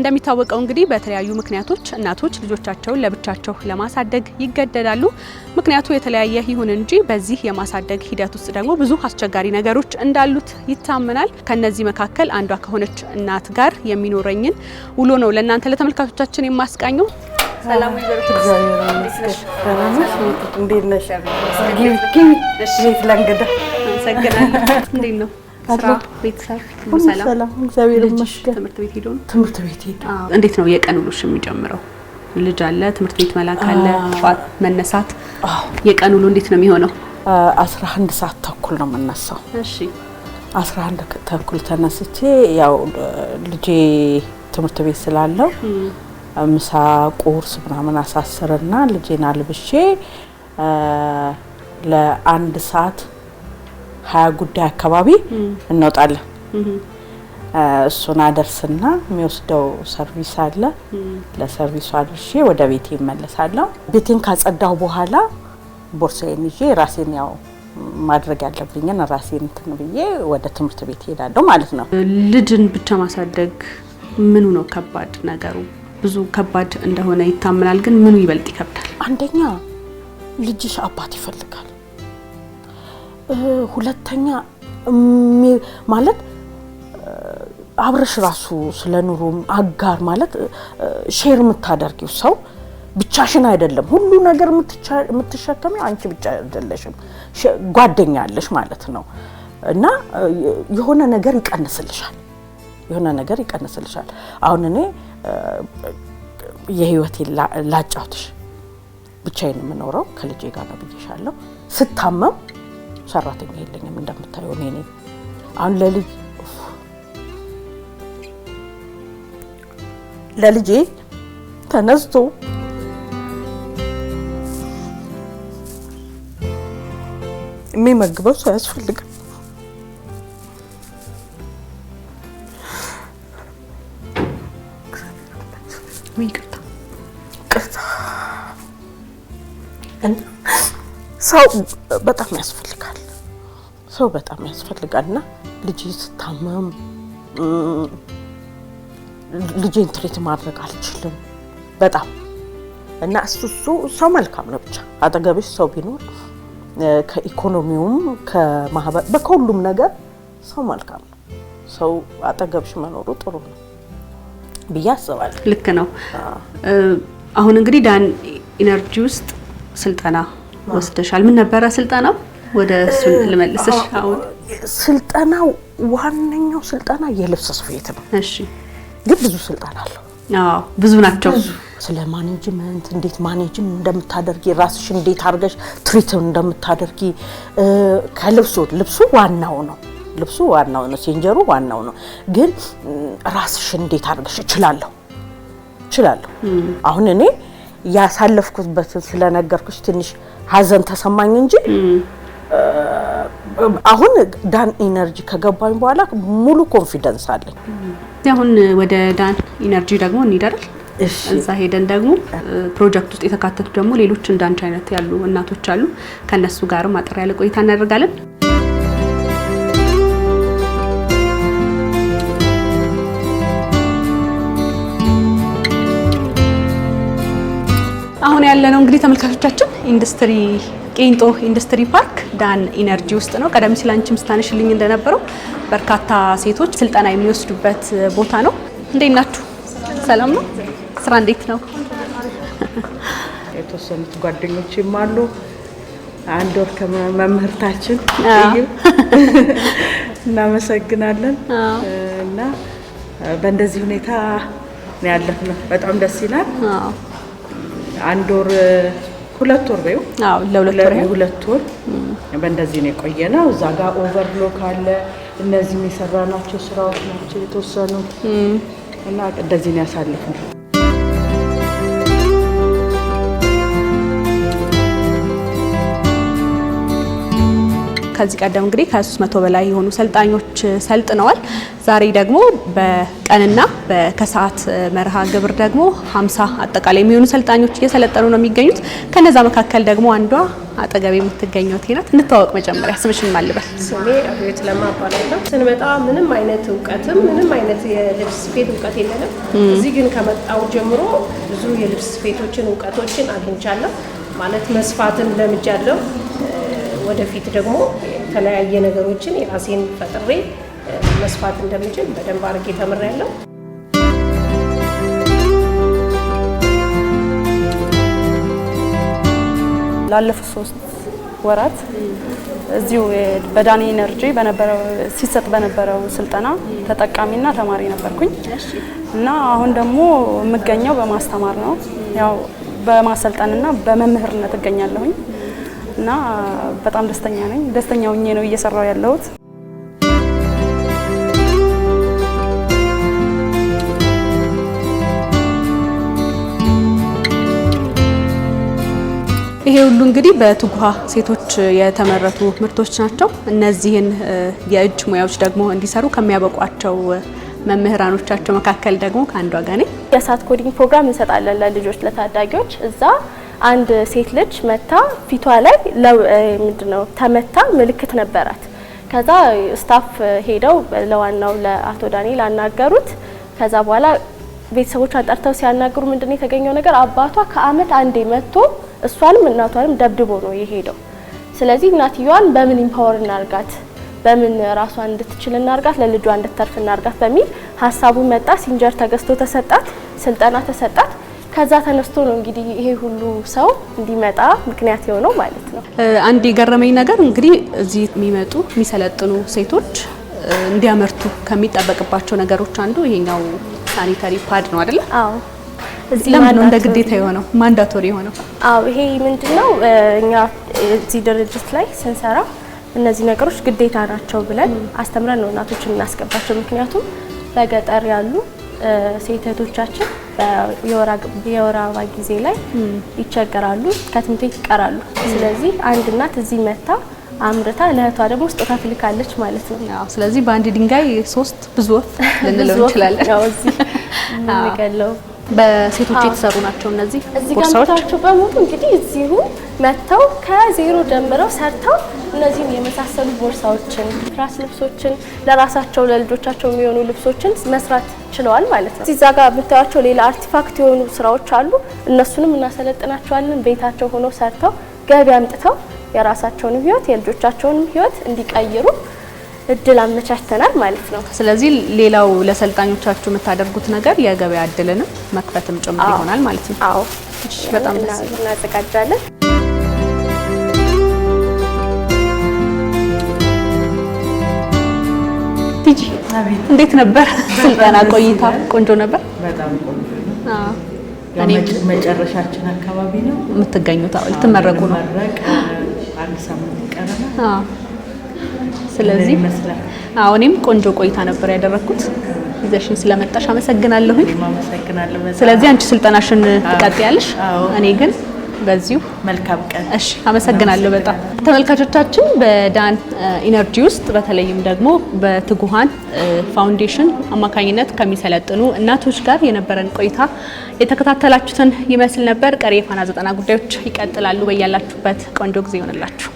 እንደሚታወቀው እንግዲህ በተለያዩ ምክንያቶች እናቶች ልጆቻቸውን ለብቻቸው ለማሳደግ ይገደዳሉ። ምክንያቱ የተለያየ ይሁን እንጂ በዚህ የማሳደግ ሂደት ውስጥ ደግሞ ብዙ አስቸጋሪ ነገሮች እንዳሉት ይታመናል። ከነዚህ መካከል አንዷ ከሆነች እናት ጋር የሚኖረኝን ውሎ ነው ለእናንተ ለተመልካቾቻችን የማስቃኘው። ሰላም ነው ቤተሰብ ሰላም፣ እግዚአብሔር ይመስገን። ትምህርት ቤት ሄዶ ነው ትምህርት ቤት ሄዶ። እንዴት ነው የቀን ውሎሽ የሚጨምረው? ልጅ አለ፣ ትምህርት ቤት መላክ አለ፣ ጠዋት መነሳት። የቀን ውሎ እንዴት ነው የሚሆነው? አስራ አንድ ሰዓት ተኩል ነው የምነሳው። እሺ አስራ አንድ ተኩል ተነስቼ ያው ልጄ ትምህርት ቤት ስላለው ምሳ፣ ቁርስ ምናምን አሳስርና ልጄን አልብሼ ለአንድ ሰዓት ሀያ ጉዳይ አካባቢ እንወጣለን። እሱን አደርስና የሚወስደው ሰርቪስ አለ። ለሰርቪሱ አድርሼ ወደ ቤቴ ይመለሳለሁ። ቤቴን ካጸዳው በኋላ ቦርሳዬን ይዤ ራሴን ያው ማድረግ ያለብኝን ራሴን እንትን ብዬ ወደ ትምህርት ቤት ይሄዳለሁ ማለት ነው። ልጅን ብቻ ማሳደግ ምኑ ነው ከባድ ነገሩ? ብዙ ከባድ እንደሆነ ይታመናል፣ ግን ምኑ ይበልጥ ይከብዳል? አንደኛ ልጅሽ አባት ይፈልጋል። ሁለተኛ ማለት አብረሽ ራሱ ስለ ኑሮም አጋር ማለት ሼር የምታደርጊው ሰው ብቻሽን አይደለም። ሁሉ ነገር የምትሸከሚ አንቺ ብቻ አይደለሽም፣ ጓደኛ አለሽ ማለት ነው። እና የሆነ ነገር ይቀንስልሻል፣ የሆነ ነገር ይቀንስልሻል። አሁን እኔ የህይወቴ ላጫውትሽ፣ ብቻዬን የምኖረው ከልጄ ጋር ነው ብዬሻለሁ። ስታመም ሰራተኛ የለኝም እንደምታየው እኔ ነኝ። አሁን ለልጅ ለልጄ ተነስቶ የሚመግበው ሰው አያስፈልግም። ሰው በጣም ያስፈልጋል። ሰው በጣም ያስፈልጋልና ልጅ ስታመም ልጄን ትሬት ማድረግ አልችልም በጣም እና እሱ እሱ ሰው መልካም ነው። ብቻ አጠገብሽ ሰው ቢኖር ከኢኮኖሚውም ከሁሉም ነገር ሰው መልካም ነው። ሰው አጠገብሽ መኖሩ ጥሩ ነው ብዬ አስባለሁ። ልክ ነው። አሁን እንግዲህ ዳን ኢነርጂ ውስጥ ስልጠና ወስደሻል። ምን ነበረ ስልጠናው? ወደ እሱ ልመልስሽ። አሁን ስልጠናው ዋነኛው ስልጠና የልብስ ስፌት ነው። እሺ፣ ግን ብዙ ስልጠና አለው። አዎ፣ ብዙ ናቸው። ስለ ማኔጅመንት እንዴት ማኔጅም እንደምታደርጊ ራስሽ እንዴት አድርገሽ ትሪት እንደምታደርጊ ከልብሱ ልብሱ ዋናው ነው። ልብሱ ዋናው ነው። ሴንጀሩ ዋናው ነው። ግን ራስሽ እንዴት አድርገሽ እችላለሁ እችላለሁ አሁን እኔ ያሳለፍኩበትን ስለነገርኩሽ ትንሽ ሀዘን ተሰማኝ እንጂ አሁን ዳን ኢነርጂ ከገባኝ በኋላ ሙሉ ኮንፊደንስ አለኝ። አሁን ወደ ዳን ኢነርጂ ደግሞ እንሄዳለን። እዛ ሄደን ደግሞ ፕሮጀክት ውስጥ የተካተቱ ደግሞ ሌሎች እንዳንቺ አይነት ያሉ እናቶች አሉ። ከእነሱ ጋርም አጠር ያለ ቆይታ እናደርጋለን። አሁን ያለነው እንግዲህ ተመልካቾቻችን ኢንዱስትሪ ቂሊንጦ ኢንዱስትሪ ፓርክ ዳን ኢነርጂ ውስጥ ነው። ቀደም ሲል አንቺም ስታነሽልኝ እንደነበረው በርካታ ሴቶች ስልጠና የሚወስዱበት ቦታ ነው። እንዴት ናችሁ? ሰላም ነው? ስራ እንዴት ነው? የተወሰኑት ጓደኞችም አሉ። አንድ ወር ከመምህርታችን እናመሰግናለን እና በእንደዚህ ሁኔታ ያለፍነው በጣም ደስ ይላል። አንድ ወር ሁለት ወር በይው ለሁለት ወር በእንደዚህ ነው የቆየ ነው። እዛ ጋር ኦቨርሎክ አለ። እነዚህም የሰራናቸው ስራዎች ናቸው የተወሰኑት እና እንደዚህ ነው ያሳልፍ ነው። ከዚህ ቀደም እንግዲህ ከ300 በላይ የሆኑ ሰልጣኞች ሰልጥነዋል። ዛሬ ደግሞ በቀንና ከሰዓት መርሃ ግብር ደግሞ 50 አጠቃላይ የሚሆኑ ሰልጣኞች እየሰለጠኑ ነው የሚገኙት። ከነዛ መካከል ደግሞ አንዷ አጠገብ የምትገኘው ቴናት እንተዋወቅ። መጀመሪያ ስምሽን ማልበል። ስሜ አብዮት ለማባላለሁ። ስንመጣ ምንም አይነት እውቀትም ምንም አይነት የልብስ ስፌት እውቀት የለንም። እዚህ ግን ከመጣው ጀምሮ ብዙ የልብስ ስፌቶችን እውቀቶችን አግኝቻለሁ። ማለት መስፋትን ለምጃለሁ። ወደፊት ደግሞ የተለያየ ነገሮችን የራሴን ፈጥሬ መስፋት እንደምችል በደንብ አድርጌ ተምሬያለሁ። ላለፉት ሶስት ወራት እዚሁ በዳኒ ኢነርጂ በነበረው ሲሰጥ በነበረው ስልጠና ተጠቃሚና ተማሪ ነበርኩኝ እና አሁን ደግሞ የምገኘው በማስተማር ነው። ያው በማሰልጠንና በመምህርነት እገኛለሁኝ። እና በጣም ደስተኛ ነኝ። ደስተኛ ሆኜ ነው እየሰራው ያለሁት። ይሄ ሁሉ እንግዲህ በትጉሃ ሴቶች የተመረቱ ምርቶች ናቸው። እነዚህን የእጅ ሙያዎች ደግሞ እንዲሰሩ ከሚያበቋቸው መምህራኖቻቸው መካከል ደግሞ ከአንዷ ጋር ነኝ። የእሳት ኮዲንግ ፕሮግራም እንሰጣለን ለልጆች ለታዳጊዎች እዛ አንድ ሴት ልጅ መታ ፊቷ ላይ ምንድነው ተመታ ምልክት ነበራት። ከዛ ስታፍ ሄደው ለዋናው ለአቶ ዳንኤል አናገሩት። ከዛ በኋላ ቤተሰቦቿ ጠርተው ሲያናግሩ ምንድነው የተገኘው ነገር አባቷ ከአመት አንዴ መጥቶ እሷንም እናቷንም ደብድቦ ነው የሄደው። ስለዚህ እናትየዋን በምን ኢምፓወር እናርጋት፣ በምን ራሷን እንድትችል እናርጋት፣ ለልጇ እንድትተርፍ እናርጋት በሚል ሀሳቡ መጣ። ሲንጀር ተገዝቶ ተሰጣት፣ ስልጠና ተሰጣት። ከዛ ተነስቶ ነው እንግዲህ ይሄ ሁሉ ሰው እንዲመጣ ምክንያት የሆነው ማለት ነው። አንድ የገረመኝ ነገር እንግዲህ እዚህ የሚመጡ የሚሰለጥኑ ሴቶች እንዲያመርቱ ከሚጠበቅባቸው ነገሮች አንዱ ይሄኛው ሳኒታሪ ፓድ ነው አይደለ? አዎ። እዚህ ነው እንደ ግዴታ የሆነው ማንዳቶሪ የሆነው? አዎ። ይሄ ምንድነው እኛ እዚህ ድርጅት ላይ ስንሰራ እነዚህ ነገሮች ግዴታ ናቸው ብለን አስተምረን ነው እናቶች የምናስገባቸው። ምክንያቱም በገጠር ያሉ ሴት እህቶቻችን የወር አበባ ጊዜ ላይ ይቸገራሉ፣ ከትምህርት ቤት ይቀራሉ። ስለዚህ አንድ እናት እዚህ መታ አምርታ ለእህቷ ደግሞ ስጦታ ትልካለች ማለት ነው። ስለዚህ በአንድ ድንጋይ ሶስት ብዙ ወፍ ልንለው እንችላለን። በሴቶች የተሰሩ ናቸው። እነዚህ ቦርሳዎች በሙሉ እንግዲህ እዚሁ መጥተው ከዜሮ ጀምረው ሰርተው እነዚህን የመሳሰሉ ቦርሳዎችን፣ ራስ ልብሶችን ለራሳቸው ለልጆቻቸው የሚሆኑ ልብሶችን መስራት ችለዋል ማለት ነው። እዛ ጋር ብታያቸው ሌላ አርቲፋክት የሆኑ ስራዎች አሉ። እነሱንም እናሰለጥናቸዋለን። ቤታቸው ሆኖ ሰርተው ገቢ አምጥተው የራሳቸውንም ህይወት የልጆቻቸውንም ህይወት እንዲቀይሩ እድል አመቻችተናል ማለት ነው። ስለዚህ ሌላው ለሰልጣኞቻችሁ የምታደርጉት ነገር የገበያ እድልንም መክፈትም ጭምር ይሆናል ማለት ነው። አዎ በጣም እናዘጋጃለን። ቲጂ እንዴት ነበር ስልጠና ቆይታ? ቆንጆ ነበር። መጨረሻችን አካባቢ ነው የምትገኙት? ልትመረቁ ነው። አንድ ሳምንት ይቀረናል። ስለዚህ አዎ እኔም ቆንጆ ቆይታ ነበር ያደረኩት። ይዘሽን ስለመጣሽ አመሰግናለሁ። ስለዚህ አንቺ ስልጠናሽን ትቀጥያለሽ፣ እኔ ግን በዚሁ መልካም ቀን። እሺ፣ አመሰግናለሁ በጣም ተመልካቾቻችን። በዳን ኢነርጂ ውስጥ በተለይም ደግሞ በትጉሃን ፋውንዴሽን አማካኝነት ከሚሰለጥኑ እናቶች ጋር የነበረን ቆይታ የተከታተላችሁትን ይመስል ነበር። ቀሪ የፋና ዘጠና ጉዳዮች ይቀጥላሉ። በያላችሁበት ቆንጆ ጊዜ ይሆንላችሁ።